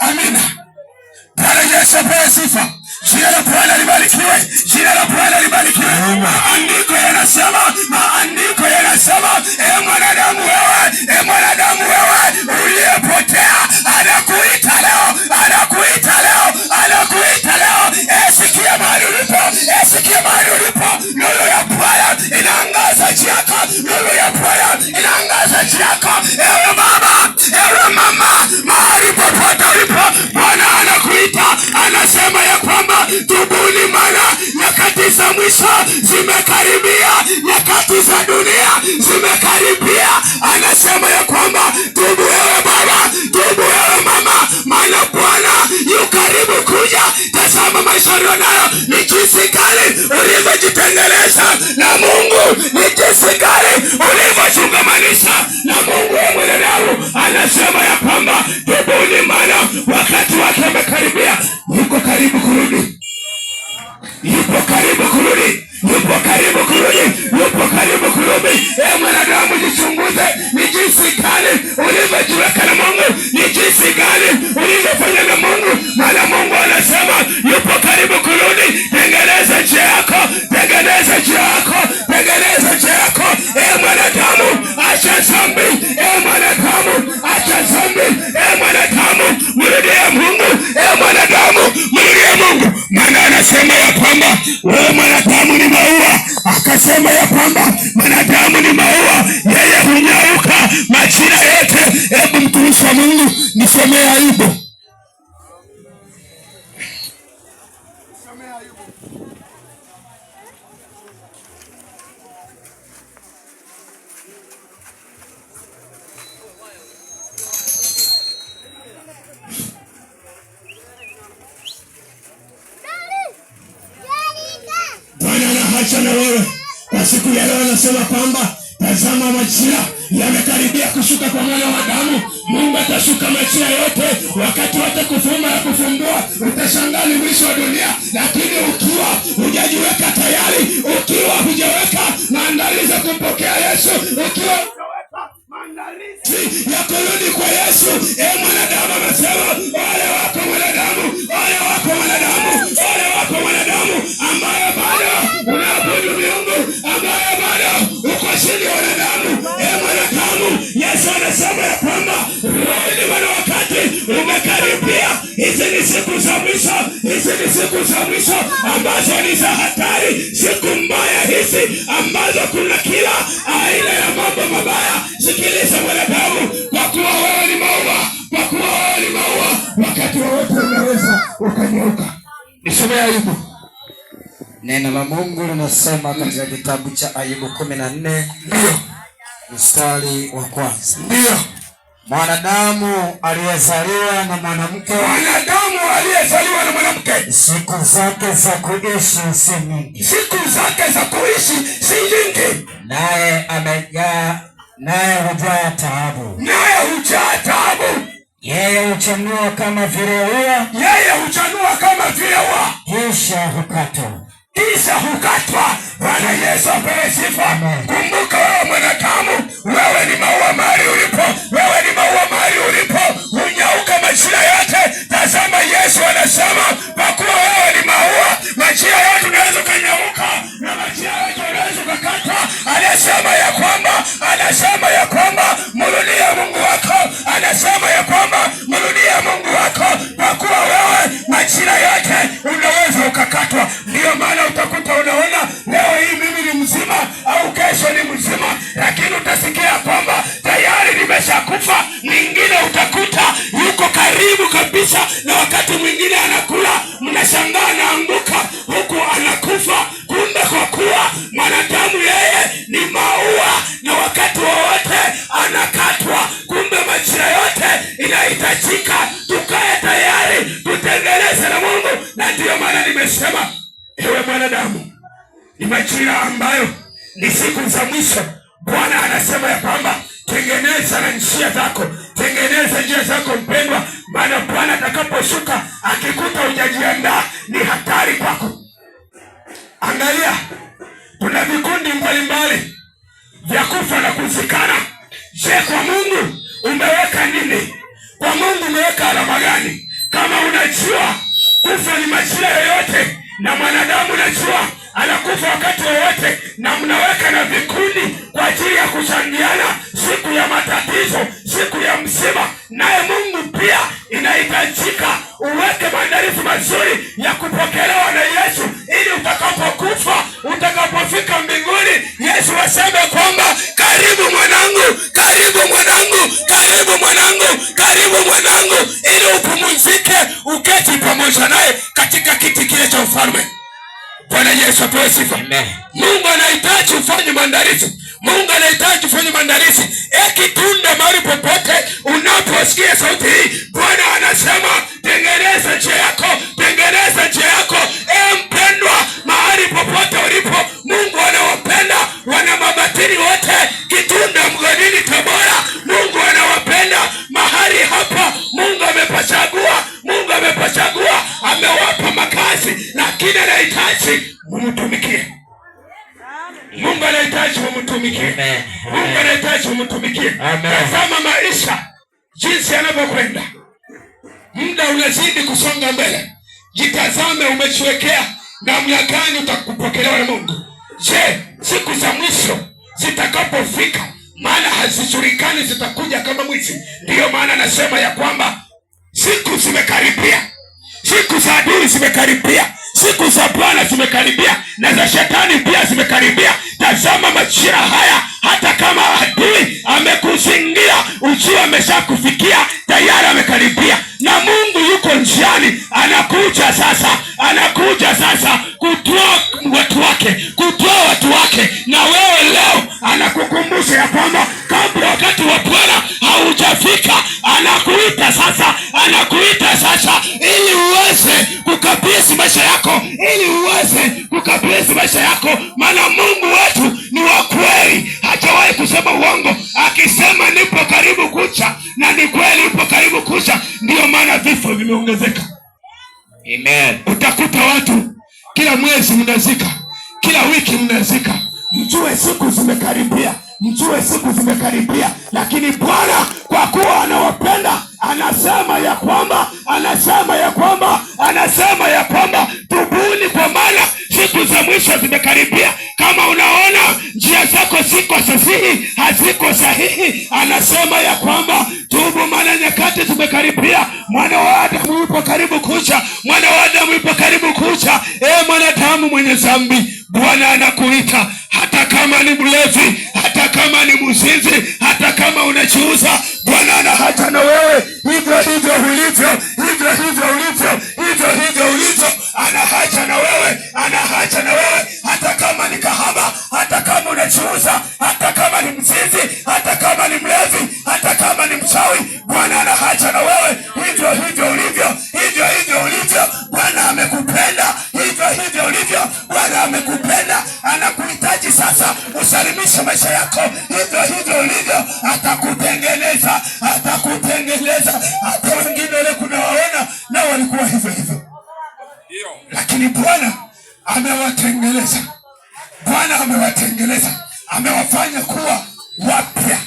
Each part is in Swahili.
Amina. Bwana Yesu apewe sifa. Jina la Bwana libarikiwe. Jina la Bwana libarikiwe. Maandiko yanasema, maandiko yanasema, e mwanadamu wewe, e ulio ni jinsi gani ulivyojitengeleza na Mungu ni jinsi Nisemee aibu. Bwana anaacha na wewe, na siku ya leo anasema kwamba tazama majira yamekaribia kushuka kwa mwana wa damu. Mungu atashuka maisha yote, wakati wote kufuma na kufumbua, utashangaa ni mwisho wa dunia. Lakini ukiwa hujajiweka tayari, ukiwa hujaweka maandalizi ya kumpokea Yesu, ukiwa ya kurudi kwa Yesu, e mwanadamu, amesema Hizi ni siku za mwisho, hizi ni siku za mwisho ambazo ni za hatari, siku mbaya hizi ambazo kuna kila aina ya mambo mabaya. Sikiliza mwanadamu, kwa kuwa wewe ni maua, kwa kuwa wewe ni maua, wakati wowote unaweza ukanyauka. Nisome Ayubu. Neno la Mungu linasema katika kitabu cha Ayubu kumi na nne ndio mstari wa kwanza ndio Mwanadamu aliyezaliwa na mwanamke, mwanadamu aliyezaliwa na mwanamke, siku zake za kuishi si nyingi, siku zake za kuishi si nyingi, naye amejaa, naye hujaa taabu, naye hujaa taabu. Yeye huchanua kama vile ua, yeye huchanua kama vile ua, kisha hukatwa kisha hukatwa. Bwana Yesu apewe sifa. Kumbuka wewe mwanadamu, wewe ni maua mahali ulipo, wewe ni maua mahali ulipo, unyauka majira yote. Tazama Yesu anasema lakini utasikia kwamba tayari nimeshakufa. Mwingine utakuta yuko karibu kabisa, na wakati mwingine anakula, mnashangaa anaanguka huku anakufa. Kumbe kwa kuwa mwanadamu yeye ni maua, na wakati wowote anakatwa. Kumbe majira yote inahitajika tukae tayari, tutengeneze na Mungu, na ndiyo maana nimesema, ewe mwanadamu, ni majira ambayo ni siku za mwisho. Bwana anasema ya kwamba tengeneza na njia zako, tengeneza njia zako mpendwa, maana Bwana atakaposhuka akikuta hujajiandaa ni hatari kwako. Angalia, kuna vikundi mbalimbali vya kufa na kuzikana. Je, kwa Mungu umeweka nini? Kwa Mungu umeweka alama gani? Kama unajua kufa ni majira yoyote na mwanadamu unajua anakufa wakati wowote, na mnaweka na vikundi kwa ajili ya kuchangiana siku ya matatizo, siku ya msiba. Naye Mungu pia inahitajika uweke maandalizi mazuri ya kupokelewa na Yesu, ili utakapokufa, utakapofika mbinguni, Yesu aseme kwamba karibu mwanangu, karibu mwanangu, karibu mwanangu, karibu mwanangu, ili upumzike, uketi pamoja naye katika kiti kile cha ufalme. Bwana Yesu apewe sifa. Mungu anahitaji ufanye maandalizi. Mungu anahitaji ufanye maandalizi. Ekitunda mahali popote unaposikia sauti hii, Bwana anasema tengeneza njia yako, tengeneza njia yako. E mpendwa, mahali popote ulipo, Mungu anawapenda wana mabatini wote. Kitunda mgodini Tabora. Tazama maisha jinsi yanavyokwenda, muda unazidi kusonga mbele. Jitazame, umejiwekea namna gani utakupokelewa na Mungu? Je, siku za mwisho zitakapofika, maana hazijulikani zitakuja kama mwizi. Ndiyo maana nasema ya kwamba siku zimekaribia, siku za adui zimekaribia. Siku za Bwana zimekaribia na za shetani pia zimekaribia. Tazama majira haya, hata kama adui amekuzingia ujio ameshakufikia tayari, amekaribia na Mungu yuko njiani, anakuja sasa, anakuja sasa kutoa watu wake, kutoa watu wake. Na wewe leo anakukumbusha ya kwamba kabla wakati wa Bwana haujafika, anakuita sasa, anakuita sasa vifo vimeongezeka. Amen. Utakuta watu kila mwezi mnazika, kila wiki mnazika, mjue siku zimekaribia, mjue siku zimekaribia, lakini Bwana kwa kuwa anawapenda anasema ya kwamba anasema ya kwamba anasema ya kwamba tubuni, kwa maana siku za mwisho zimekaribia. Kama unaona njia zako ziko sahihi, haziko sahihi, anasema ya kwamba umekaribia, mwana wa Adamu yupo karibu kucha, mwana wa Adamu yupo karibu kucha. E mwanadamu mwenye dhambi, Bwana anakuita. Bwana amewatengeneza, amewafanya kuwa wapya.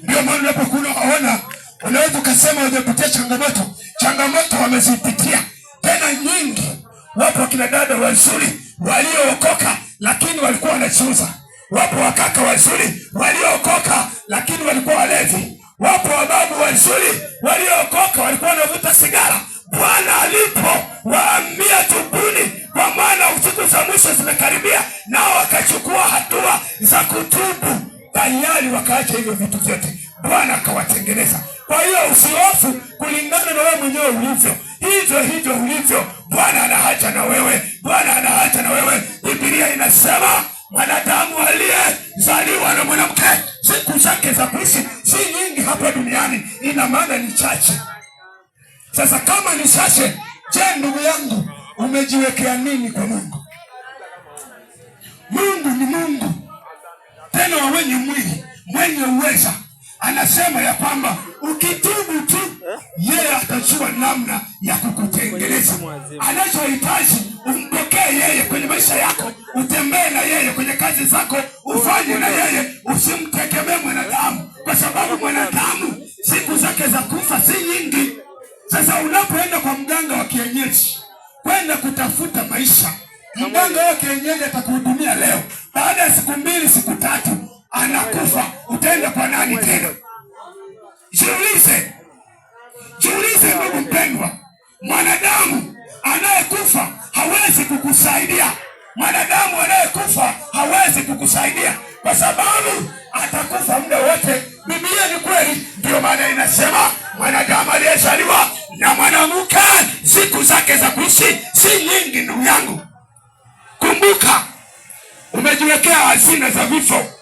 Ndio maana unapokuwa unaona, unaweza ukasema wamepitia changamoto. Changamoto wamezipitia tena nyingi. Wapo wakina dada wazuri waliookoka, lakini walikuwa wanachuza. Wapo wakaka wazuri waliookoka, lakini walikuwa walevi. Wapo wababu wazuri waliookoka, walikuwa wanavuta sigara. Bwana alipo waambia, tubuni, kwa maana siku za mwisho zimekaribia nao wakachukua hatua za kutubu, tayari wakaacha hivyo vitu vyote, Bwana akawatengeneza. Kwa hiyo usihofu kulingana na wewe mwenyewe ulivyo, hivyo hivyo ulivyo, Bwana anaacha na wewe, Bwana anaacha na wewe. Biblia inasema mwanadamu aliyezaliwa na mwanamke siku zake za kuishi si nyingi hapa duniani, ina maana ni chache. Sasa kama ni chache, je, ndugu yangu umejiwekea nini kwa Mungu? Mungu ni Mungu, tena wa wenye mwili, mwenye uweza. Anasema ya kwamba ukitubu tu, yeye atajua namna ya kukutengeneza. Anachohitaji umpokee yeye kwenye maisha yako, utembee na yeye kwenye kazi zako, ufanye na yeye, usimtegemee mwanadamu, kwa sababu mwanadamu siku zake za kufa si nyingi. Sasa unapoenda kwa mganga wa kienyeji kwenda kutafuta maisha mganga wa kienyeji atakuhudumia leo, baada ya siku mbili siku tatu anakufa, utaenda kwa nani tena? Jiulize, jiulize ndugu mpendwa, mwanadamu anayekufa hawezi kukusaidia. Mwanadamu anayekufa hawezi kukusaidia kwa sababu atakufa muda wote. Biblia ni kweli, ndio maana inasema mwanadamu aliyezaliwa na mwanamke siku zake za kuishi si nyingi, ndugu yangu. Kumbuka umejiwekea hazina za vifo.